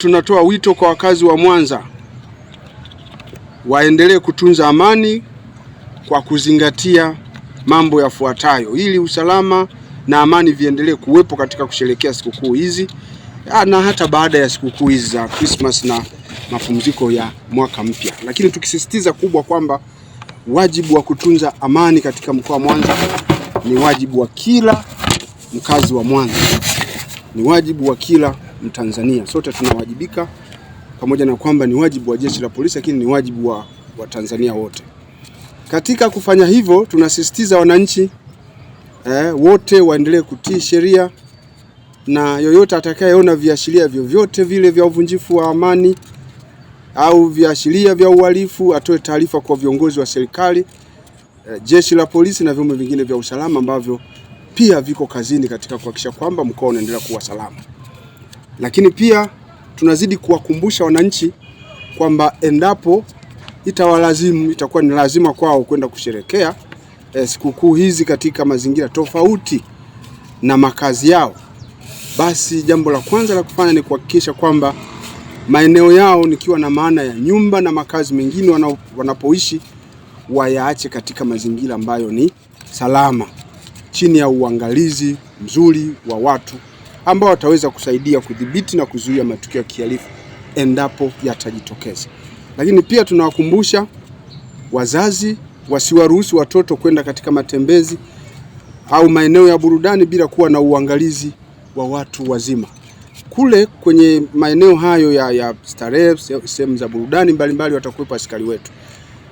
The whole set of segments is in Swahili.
Tunatoa wito kwa wakazi wa Mwanza waendelee kutunza amani kwa kuzingatia mambo yafuatayo ili usalama na amani viendelee kuwepo katika kusherehekea sikukuu hizi ah, na hata baada ya sikukuu hizi za Christmas na mapumziko ya mwaka mpya, lakini tukisisitiza kubwa kwamba wajibu wa kutunza amani katika mkoa wa Mwanza ni wajibu wa kila mkazi wa Mwanza, ni wajibu wa kila Mtanzania. Sote tunawajibika pamoja na kwamba ni wajibu wa jeshi la polisi, lakini ni wajibu wa Watanzania wote. Katika kufanya hivyo, tunasisitiza wananchi eh, wote waendelee kutii sheria na yoyote atakayeona viashiria vyovyote vile vya uvunjifu wa amani au viashiria vya uhalifu atoe taarifa kwa viongozi wa serikali, eh, jeshi la polisi na vyombo vingine vya usalama ambavyo pia viko kazini katika kuhakikisha kwamba mkoa unaendelea kuwa salama. Lakini pia tunazidi kuwakumbusha wananchi kwamba endapo itawalazimu, itakuwa ni lazima kwao kwenda kusherekea e, sikukuu hizi katika mazingira tofauti na makazi yao, basi jambo la kwanza la kufanya ni kuhakikisha kwamba maeneo yao, nikiwa na maana ya nyumba na makazi mengine wanapoishi, wayaache katika mazingira ambayo ni salama, chini ya uangalizi mzuri wa watu ambao wataweza kusaidia kudhibiti na kuzuia matukio ya kihalifu endapo yatajitokeza. Lakini pia tunawakumbusha wazazi wasiwaruhusu watoto kwenda katika matembezi au maeneo ya burudani bila kuwa na uangalizi wa watu wazima. Kule kwenye maeneo hayo ya, ya starehe, sehemu za burudani mbalimbali, watakuwepo askari wetu,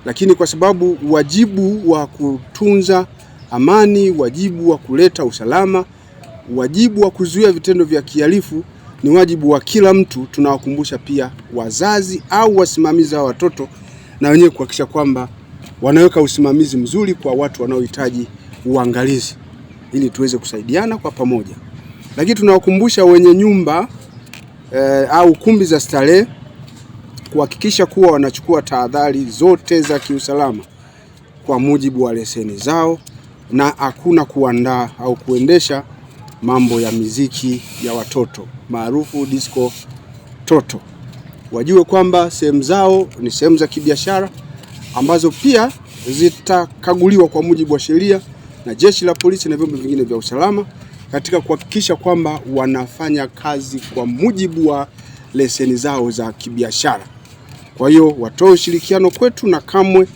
lakini kwa sababu wajibu wa kutunza amani, wajibu wa kuleta usalama wajibu wa kuzuia vitendo vya kihalifu ni wajibu wa kila mtu. Tunawakumbusha pia wazazi au wasimamizi wa watoto na wenyewe kuhakikisha kwamba wanaweka usimamizi mzuri kwa watu wanaohitaji uangalizi ili tuweze kusaidiana kwa pamoja. Lakini tunawakumbusha wenye nyumba e, au kumbi za starehe kuhakikisha kuwa wanachukua tahadhari zote za kiusalama kwa mujibu wa leseni zao na hakuna kuandaa au kuendesha mambo ya miziki ya watoto maarufu disco toto, wajue kwamba sehemu zao ni sehemu za kibiashara ambazo pia zitakaguliwa kwa mujibu wa sheria na jeshi la polisi na vyombo vingine vya usalama katika kuhakikisha kwamba wanafanya kazi kwa mujibu wa leseni zao za kibiashara. Kwa hiyo watoe ushirikiano kwetu na kamwe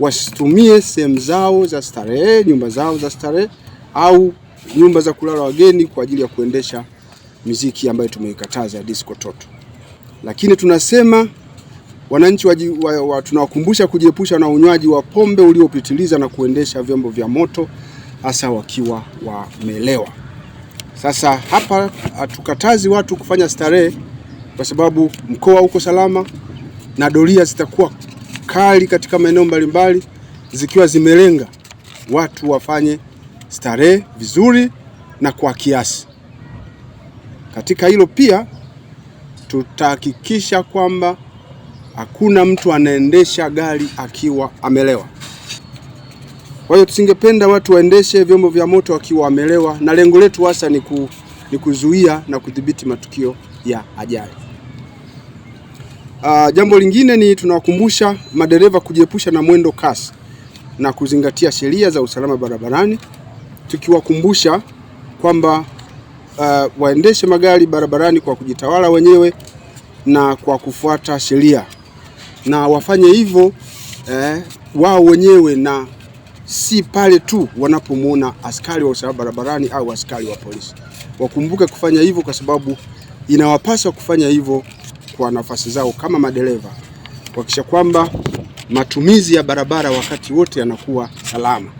wasitumie sehemu zao za starehe, nyumba zao za starehe au nyumba za kulala wageni kwa ajili ya kuendesha miziki ambayo tumeikataza ya disco toto. Lakini tunasema wananchi wa, wa, tunawakumbusha kujiepusha na unywaji wa pombe uliopitiliza na kuendesha vyombo vya moto hasa wakiwa wamelewa. Sasa hapa hatukatazi watu kufanya starehe kwa sababu mkoa uko salama na doria zitakuwa kali katika maeneo mbalimbali zikiwa zimelenga watu wafanye starehe vizuri na kwa kiasi. Katika hilo pia tutahakikisha kwamba hakuna mtu anaendesha gari akiwa amelewa. Kwa hiyo tusingependa watu waendeshe vyombo vya moto wakiwa wamelewa, na lengo letu hasa ni, ku, ni kuzuia na kudhibiti matukio ya ajali. Aa, ah, jambo lingine ni tunawakumbusha madereva kujiepusha na mwendo kasi na kuzingatia sheria za usalama barabarani tukiwakumbusha kwamba uh, waendeshe magari barabarani kwa kujitawala wenyewe na kwa kufuata sheria na wafanye hivyo eh, wao wenyewe na si pale tu wanapomwona askari wa usalama barabarani au askari wa polisi. Wakumbuke kufanya hivyo, kwa sababu inawapaswa kufanya hivyo kwa nafasi zao kama madereva, kuhakikisha kwamba matumizi ya barabara wakati wote yanakuwa salama.